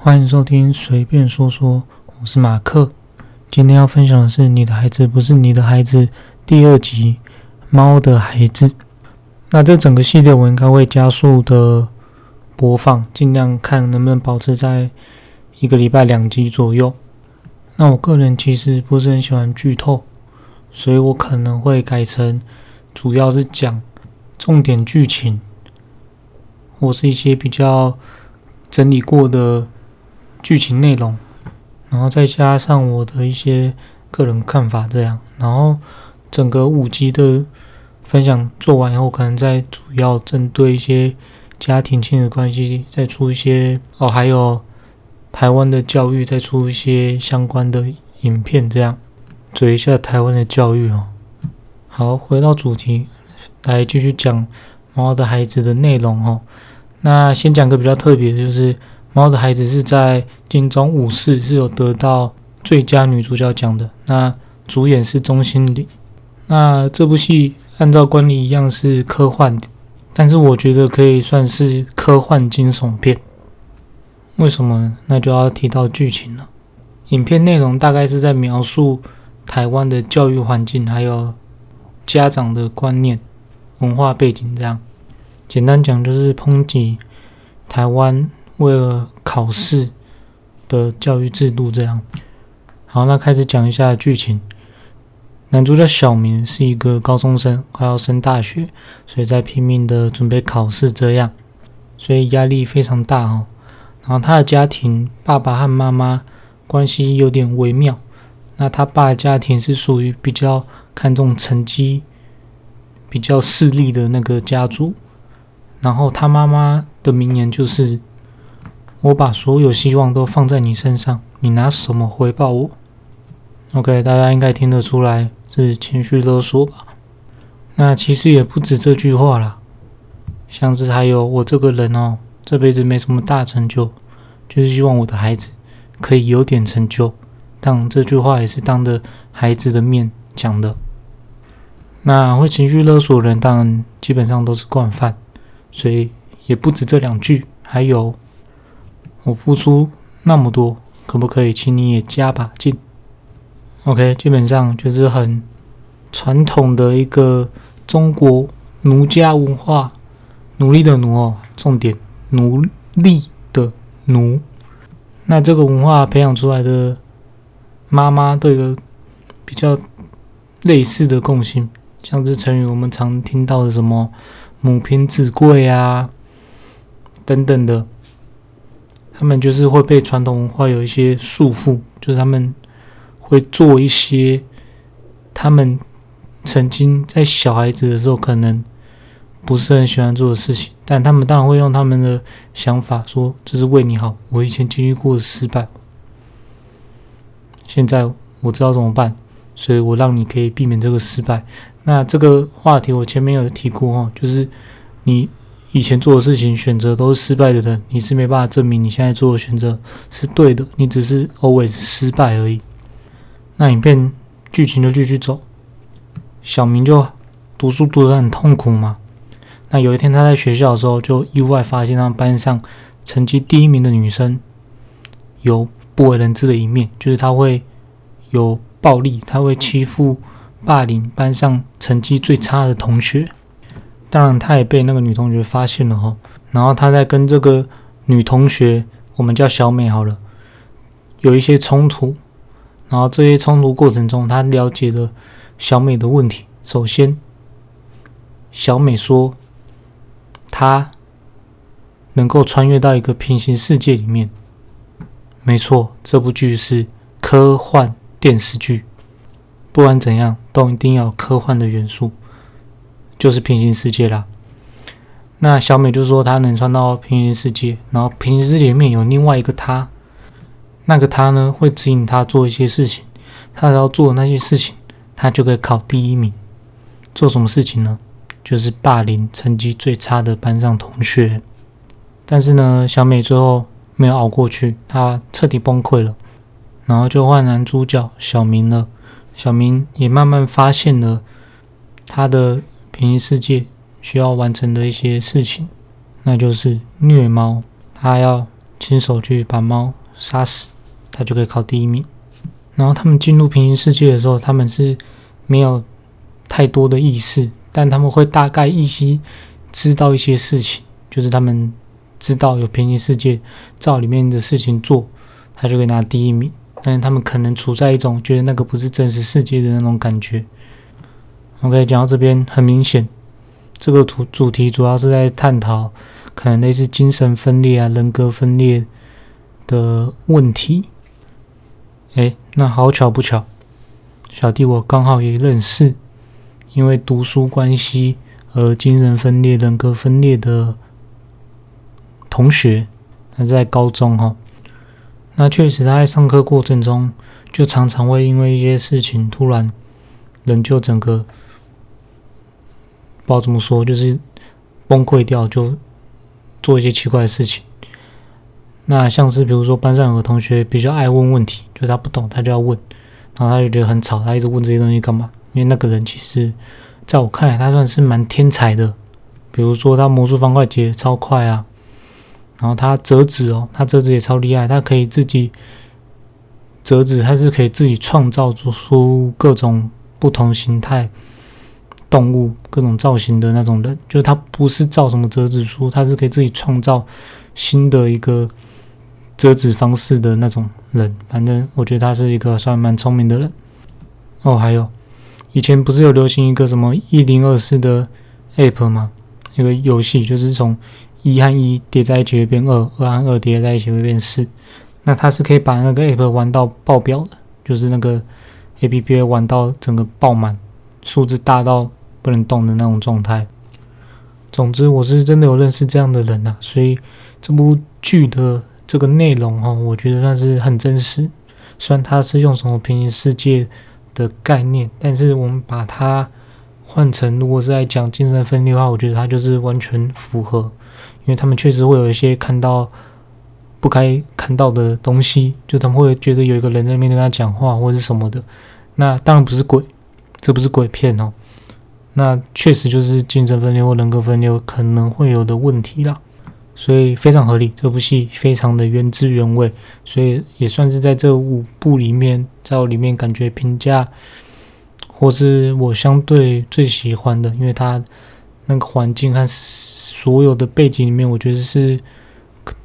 歡迎收聽，隨便說說，我是馬克。今天要分享的是《你的孩子不是你的孩子》第二集《貓的孩子》。那這整個系列我應該會加速的播放，盡量看能不能保持在一個禮拜兩集左右。那我個人其實不是很喜歡劇透，所以我可能會改成主要是講重點劇情，或是一些比較整理過的。劇情內容，然後再加上我的一些個人看法，這樣，然後整個五集的分享做完以後，可能再主要針對一些家庭親子關係，再出一些哦，還有台灣的教育，再出一些相關的影片，這樣懟一下台灣的教育哦。好，回到主題，來繼續講《貓的孩子》的內容哦。那先講個比較特別的，就是。貓的孩子是在金鐘五十是有得到最佳女主角獎的。那主演是鍾欣凌。那這部戲按照慣例一樣是科幻，但是我覺得可以算是科幻驚悚片。為什麼？那就要提到劇情了。影片內容大概是在描述台灣的教育環境，還有家長的觀念、文化背景這樣。簡單講就是抨擊台灣。為了考試的教育制度這樣，好，那開始講一下劇情。男主角小明是一個高中生，快要升大學，所以在拼命的準備考試這樣，所以壓力非常大哦。然後他的家庭，爸爸和媽媽關係有點微妙。那他爸的家庭是屬於比較看重成績、比較勢利的那個家族。然後他媽媽的名言就是。我把所有希望都放在你身上，你拿什麼回報我？OK，大家應該聽得出來是情緒勒索吧？那其實也不止這句話啦，像是還有我這個人哦，這輩子沒什麼大成就，就是希望我的孩子可以有點成就。但這句話也是當着孩子的面講的。那會情緒勒索的人，當然基本上都是慣犯，所以也不止這兩句，還有。我付出那麼多，可不可以請你也加把勁？OK，基本上就是很傳統的一個中國奴家文化，奴隸的奴哦，重點奴隸的奴。那這個文化培養出來的媽媽，都有一個比較類似的共性，像是成語我們常聽到的什麼母、啊“母憑子貴”啊等等的。他們就是會被傳統文化有一些束縛，就是他們會做一些他們曾經在小孩子的時候可能不是很喜歡做的事情，但他們當然會用他們的想法說：“這是為你好。”我以前經歷過的失敗，現在我知道怎麼辦，所以我讓你可以避免這個失敗。那這個話題我前面有提過哦，就是你。以前做的事情選擇都是失敗的人，你是沒辦法證明你現在做的選擇是對的，你只是 always 失敗而已。那影片劇情就繼續走，小明就讀書讀得很痛苦嘛。那有一天他在學校的時候，就意外發現他班上成績第一名的女生有不為人知的一面，就是她會有暴力，她會欺負、霸凌班上成績最差的同學。當然，他也被那個女同學發現了哈。然後他在跟這個女同學，我們叫小美好了，有一些衝突。然後這些衝突過程中，他了解了小美的問題。首先，小美說她能夠穿越到一個平行世界裡面。沒錯，這部劇是科幻電視劇，不管怎樣，都一定要有科幻的元素。就是平行世界啦。那小美就說她能穿到平行世界，然後平行世界裡面有另外一個她，那個她呢會指引她做一些事情，她只要做的那些事情，她就可以考第一名。做什麼事情呢？就是霸凌成績最差的班上同學。但是呢，小美最後沒有熬過去，她徹底崩潰了。然後就換男主角小明了，小明也慢慢發現了他的。平行世界需要完成的一些事情，那就是虐貓，他要親手去把貓殺死，他就可以考第一名。然後他們進入平行世界的時候，他們是沒有太多的意識，但他們會大概一些知道一些事情，就是他們知道有平行世界，照裡面的事情做，他就可以拿第一名。但是他們可能處在一種覺得那個不是真實世界的那種感覺。OK，講到這邊，很明顯，這個主主題主要是在探討可能類似精神分裂啊、人格分裂的問題。哎，那好巧不巧，小弟我剛好也認識，因為讀書關係而精神分裂、人格分裂的同學，他在高中哈、哦。那確實，他在上課過程中，就常常會因為一些事情，突然人就整個。不知道怎麼說，就是崩潰掉就做一些奇怪的事情。那像是比如說班上有個同學比較愛問問題，就是他不懂他就要問，然後他就覺得很吵，他一直問這些東西幹嘛？因為那個人其實在我看來，他算是蠻天才的。比如說他魔術方塊解也超快啊，然後他折紙哦，他折紙也超厲害，他可以自己折紙，他是可以自己創造出各種不同形態。動物各種造型的那種人，就是他不是造什麼折紙書，他是可以自己創造新的一個折紙方式的那種人。反正我覺得他是一個算蠻聰明的人。哦，還有以前不是有流行一個什麼一零二四的 app 嗎？一個遊戲就是從一和一疊在一起會變二，二和二疊在一起會變四。那他是可以把那個 app 玩到爆表的，就是那個 app 玩到整個爆滿，數字大到。不能動的那種狀態。總之，我是真的有認識這樣的人吶、啊，所以這部劇的這個內容哦、喔，我覺得算是很真實。雖然它是用什麼平行世界的概念，但是我們把它換成，如果是在講精神分裂的話，我覺得它就是完全符合，因為他們確實會有一些看到不該看到的東西，就他們會覺得有一個人在那邊跟他講話，或者什麼的。那當然不是鬼，這不是鬼片哦、喔。那確實就是精神分裂或人格分裂可能會有的問題啦，所以非常合理。這部戲非常的原汁原味，所以也算是在這五部裡面，在我裡面感覺評價或是我相對最喜歡的，因為它那個環境和所有的背景裡面，我覺得是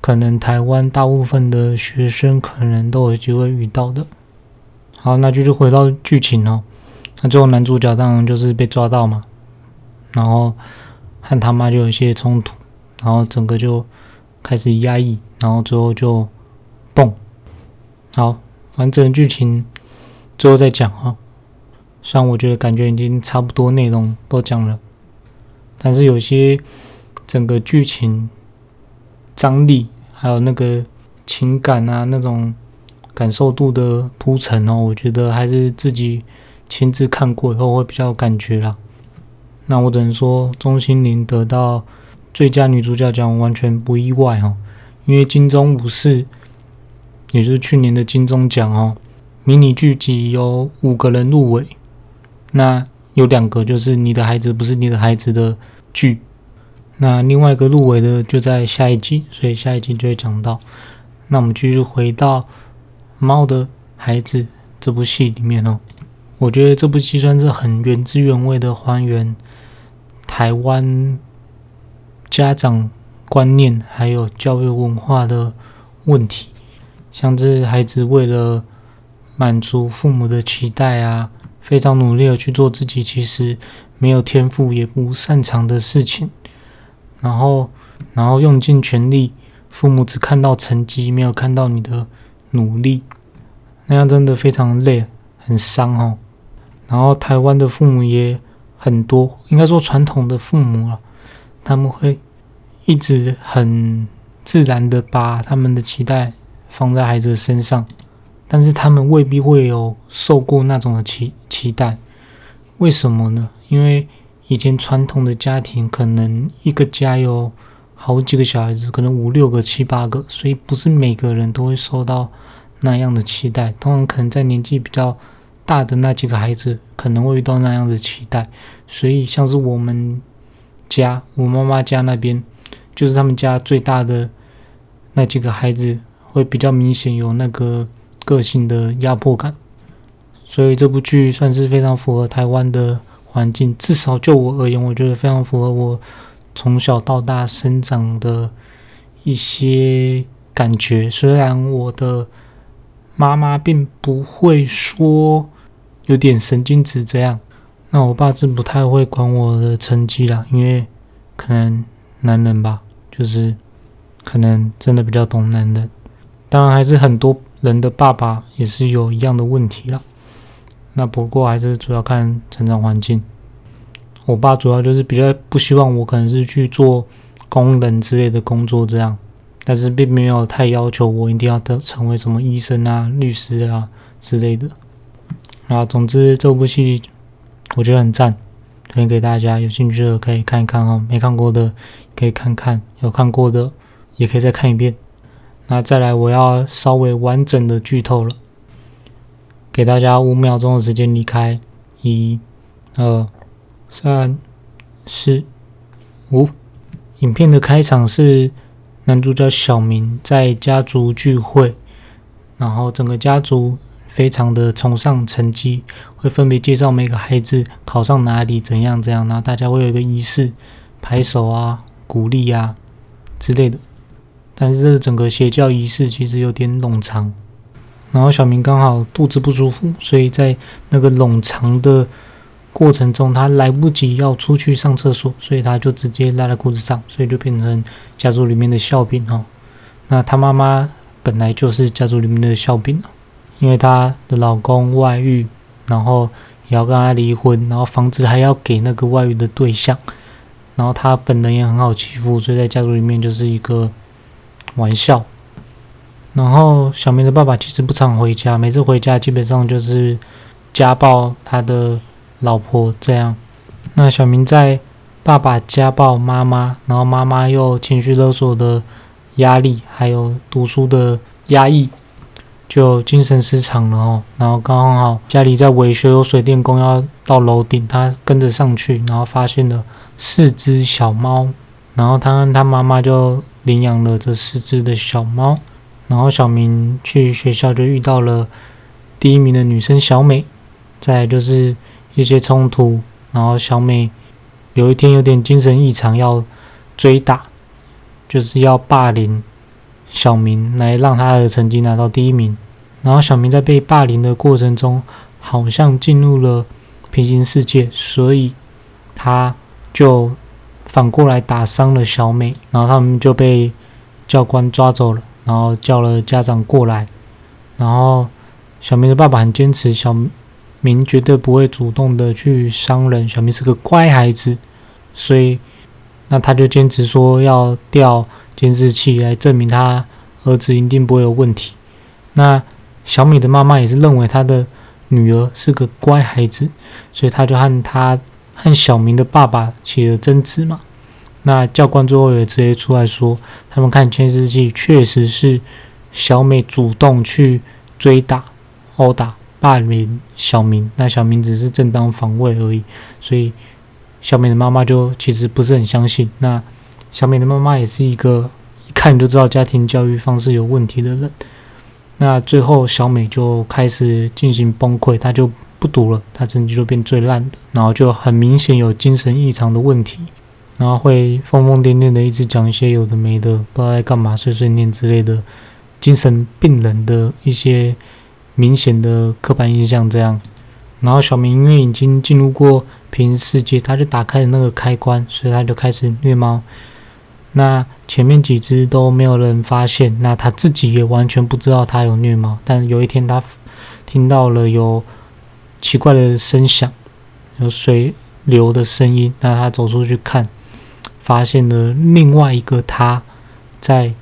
可能台灣大部分的學生可能都有機會遇到的。好，那就是回到劇情了。那最後男主角當然就是被抓到嘛，然後和他媽就有一些衝突，然後整個就開始壓抑，然後最後就蹦。好，反正整個劇情最後再講啊。雖然我覺得感覺已經差不多內容都講了，但是有些整個劇情張力，還有那個情感啊，那種感受度的鋪陳哦，我覺得還是自己。親自看過以後會比較有感覺啦。那我只能說，鍾欣凌得到最佳女主角獎我完全不意外哦，因為金鐘五四，也就是去年的金鐘獎哦，迷你劇集有五個人入圍，那有兩個就是《你的孩子不是你的孩子》的劇，那另外一個入圍的就在下一集，所以下一集就會講到。那我們繼續回到《貓的孩子》這部戲裡面哦。我覺得這部戲算是很原汁原味的還原台灣家長觀念還有教育文化的問題，像這孩子為了滿足父母的期待啊，非常努力的去做自己其實沒有天賦也不擅長的事情，然後然後用盡全力，父母只看到成績，沒有看到你的努力，那樣真的非常累，很傷哦。然後台灣的父母也很多，應該說傳統的父母啊，他們會一直很自然的把他們的期待放在孩子的身上，但是他們未必會有受過那種的期期待，為什麼呢？因為以前傳統的家庭可能一個家有好幾個小孩子，可能五六個、七八個，所以不是每個人都會受到那樣的期待，通常可能在年紀比較。大的那幾個孩子可能會遇到那樣的期待，所以像是我們家，我媽媽家那邊，就是他們家最大的那幾個孩子會比較明顯有那個個性的壓迫感。所以這部劇算是非常符合台灣的環境，至少就我而言，我覺得非常符合我從小到大生長的一些感覺。雖然我的媽媽並不會說。有點神經質這樣，那我爸是不太會管我的成績啦，因為可能男人吧，就是可能真的比較懂男人。當然，還是很多人的爸爸也是有一樣的問題啦。那不過還是主要看成長環境。我爸主要就是比較不希望我可能是去做工人之類的工作這樣，但是並沒有太要求我一定要得成為什麼醫生啊、律師啊之類的。啊，總之這部戲我覺得很贊，推薦給大家，有興趣的可以看一看哈，沒看過的可以看看，有看過的也可以再看一遍。那再來我要稍微完整的劇透了，給大家五秒鐘的時間離開，一、二、三、四、五。影片的開場是男主角小明在家族聚會，然後整個家族。非常的崇尚成績，會分別介紹每個孩子考上哪裡，怎樣怎樣，然後大家會有一個儀式，拍手啊，鼓勵呀、啊、之類的。但是這個整個邪教儀式其實有點冗長，然後小明剛好肚子不舒服，所以在那個冗長的過程中，他來不及要出去上廁所，所以他就直接拉在褲子上，所以就變成家族裡面的笑柄哦。那他媽媽本來就是家族裡面的笑柄啊。因為她的老公外遇，然後也要跟她離婚，然後房子還要給那個外遇的對象，然後她本人也很好欺負，所以在家族裡面就是一個玩笑。然後小明的爸爸其實不常回家，每次回家基本上就是家暴他的老婆這樣。那小明在爸爸家暴媽媽，然後媽媽又情緒勒索的壓力，還有讀書的壓抑。就精神失常了哦，然後剛好家裡在維修，有水電工要到樓頂，他跟着上去，然後發現了四隻小貓，然後他跟他媽媽就領養了這四隻的小貓，然後小明去學校就遇到了第一名的女生小美，再來就是一些衝突，然後小美有一天有點精神異常，要追打，就是要霸凌。小明來讓他的成績拿到第一名，然後小明在被霸凌的過程中，好像進入了平行世界，所以他就反過來打傷了小美，然後他們就被教官抓走了，然後叫了家長過來，然後小明的爸爸很堅持，小明絕對不會主動的去傷人，小明是個乖孩子，所以那他就堅持說要調。監視器來證明他兒子一定不會有問題。那小美的媽媽也是認為他的女兒是個乖孩子，所以他就和他和小明的爸爸起了爭執嘛。那教官最後也直接出來說，他們看監視器確實是小美主動去追打、毆打、霸凌小明，那小明只是正當防衛而已。所以小美的媽媽就其實不是很相信那。小美的媽媽也是一個一看就知道家庭教育方式有問題的人。那最後，小美就開始進行崩潰，她就不讀了，她成績就變最爛的，然後就很明顯有精神異常的問題，然後會瘋瘋癲癲的，一直講一些有的沒的，不知道在幹嘛，碎碎念之類的，精神病人的一些明顯的刻板印象。這樣，然後小明因為已經進入過平行世界，他就打開了那個開關，所以他就開始虐貓。那前面幾隻都沒有人發現，那他自己也完全不知道他有虐貓。但有一天他聽到了有奇怪的聲響，有水流的聲音，那他走出去看，發現了另外一個他在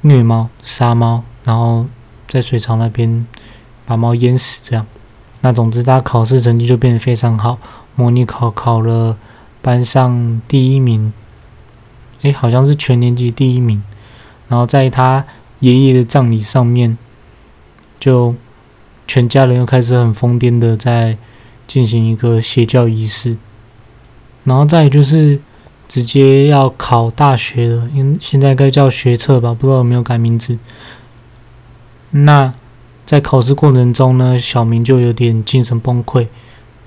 虐貓、殺貓，然後在水槽那邊把貓淹死這樣。那總之他考試成績就變得非常好，模擬考考了班上第一名。誒，好像是全年級第一名。然後在他爺爺的葬禮上面，就全家人又開始很瘋癲的在進行一個邪教儀式。然後再也就是直接要考大學了，因為現在該叫學測吧，不知道有沒有改名字。那在考試過程中呢，小明就有點精神崩潰，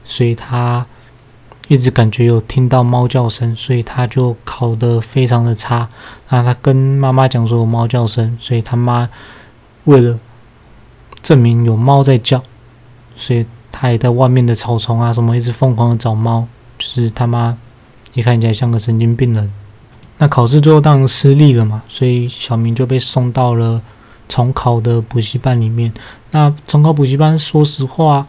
所以他。一直感覺有聽到貓叫聲，所以他就考得非常的差。那他跟媽媽講說有貓叫聲，所以他媽為了證明有貓在叫，所以他也在外面的草叢啊什麼一直瘋狂的找貓，就是他媽一看起來像個神經病人。那考試最後當然失利了嘛，所以小明就被送到了重考的補習班裡面。那重考補習班，說實話，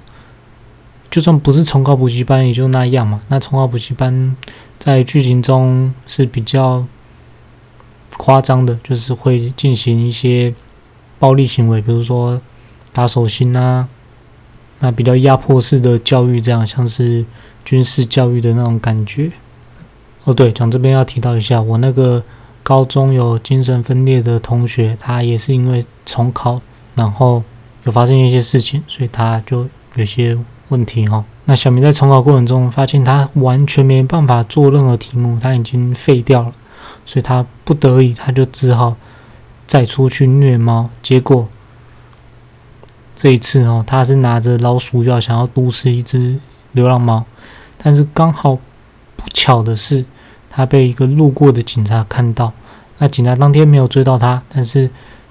就算不是重考補習班，也就那樣嘛。那重考補習班在劇情中是比較誇張的，就是會進行一些暴力行為，比如說打手心啊，那比較壓迫式的教育，這樣像是軍事教育的那種感覺。哦，對，講這邊要提到一下，我那個高中有精神分裂的同學，他也是因為重考，然後有發生一些事情，所以他就有些。問題哦，那小明在重考過程中發現他完全沒辦法做任何題目，他已經廢掉了，所以他不得已他就只好再出去虐貓。結果這一次哦，他是拿着老鼠藥想要毒死一只流浪貓，但是剛好不巧的是，他被一個路過的警察看到。那警察當天沒有追到他，但是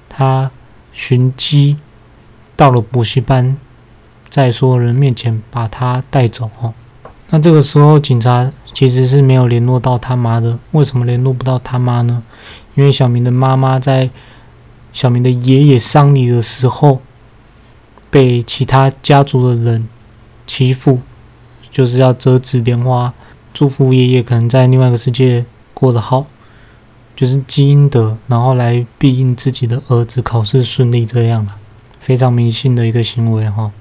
他循跡到了補習班。在所有人面前把他帶走哦。那這個時候警察其實是沒有聯絡到他媽的，為什麼聯絡不到他媽呢？因為小明的媽媽在小明的爺爺喪禮的時候被其他家族的人欺負，就是要折紙蓮花祝福爺爺，可能在另外一個世界過得好，就是積陰德，然後來庇應自己的兒子考試順利這樣了，非常迷信的一個行為哈、哦。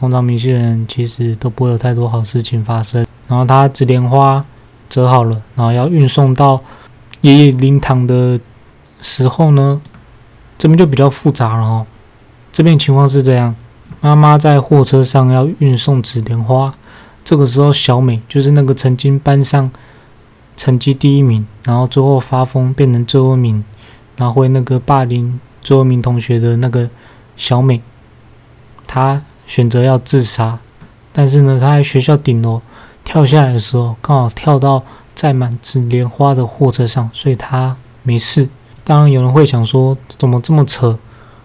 通常迷信人其實都不會有太多好事情發生。然後他紙蓮花折好了，然後要運送到爺爺靈堂的時候呢，這邊就比較複雜了哦。這邊情況是這樣：媽媽在貨車上要運送紙蓮花。這個時候，小美就是那個曾經班上成績第一名，然後最後發瘋變成最後一名，然後會那個霸凌最後一名同學的那個小美，她。選擇要自殺，但是呢，他在學校頂樓跳下來的時候，剛好跳到載滿紫蓮花的貨車上，所以他沒事。當然，有人會想說，怎麼這麼扯？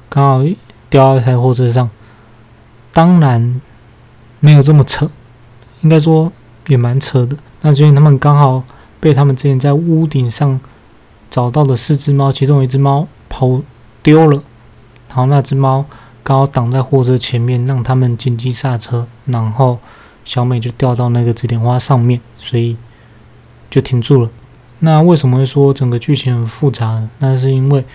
剛好掉到一台貨車上，當然沒有這麼扯，應該說也蠻扯的。那就因為他們剛好被他們之前在屋頂上找到的四隻貓，其中一隻貓跑丟了，然後那隻貓。剛好擋在貨車前面，讓他們緊急剎車，然後小美就掉到那個紫荊花上面，所以就停住了。那為什麼會說整個劇情很複雜呢？那是因為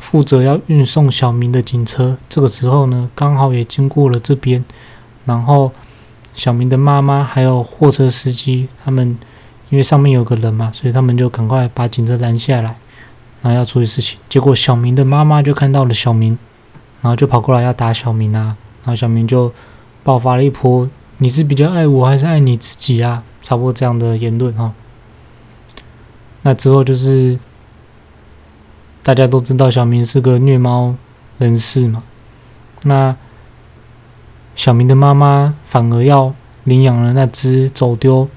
負責要運送小明的警車，這個時候呢，剛好也經過了這邊，然後小明的媽媽還有貨車司機，他們因為上面有個人嘛，所以他們就趕快把警車攔下來，然後要處理事情。結果小明的媽媽就看到了小明。然後就跑過來要打小明啊，然後小明就爆發了一波，你是比較愛我還是愛你自己啊？差不多這樣的言論哈。那之後就是大家都知道小明是個虐貓人士嘛，那小明的媽媽反而要領養了那隻走丟，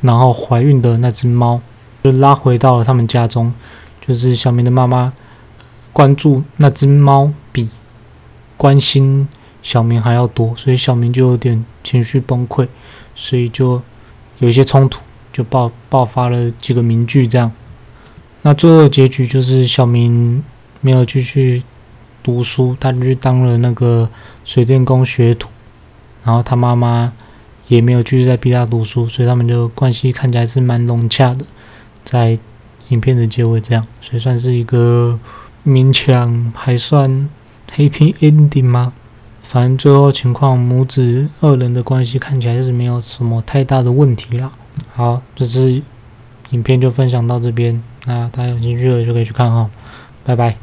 然後懷孕的那隻貓，就拉回到了他們家中，就是小明的媽媽關注那隻貓關心小明還要多，所以小明就有點情緒崩潰，所以就有一些衝突，就爆爆發了幾個名句這樣。那最後的結局就是小明沒有繼續讀書，他就去當了那個水電工學徒，然後他媽媽也沒有繼續在逼他讀書，所以他們就關係看起來是蠻融洽的，在影片的結尾這樣，所以算是一個勉強還算。Happy Ending 嗎？反正最後情況，母子二人的關係看起來是沒有什麼太大的問題啦。好，這支影片就分享到這邊，那大家有興趣的就可以去看哈，拜拜。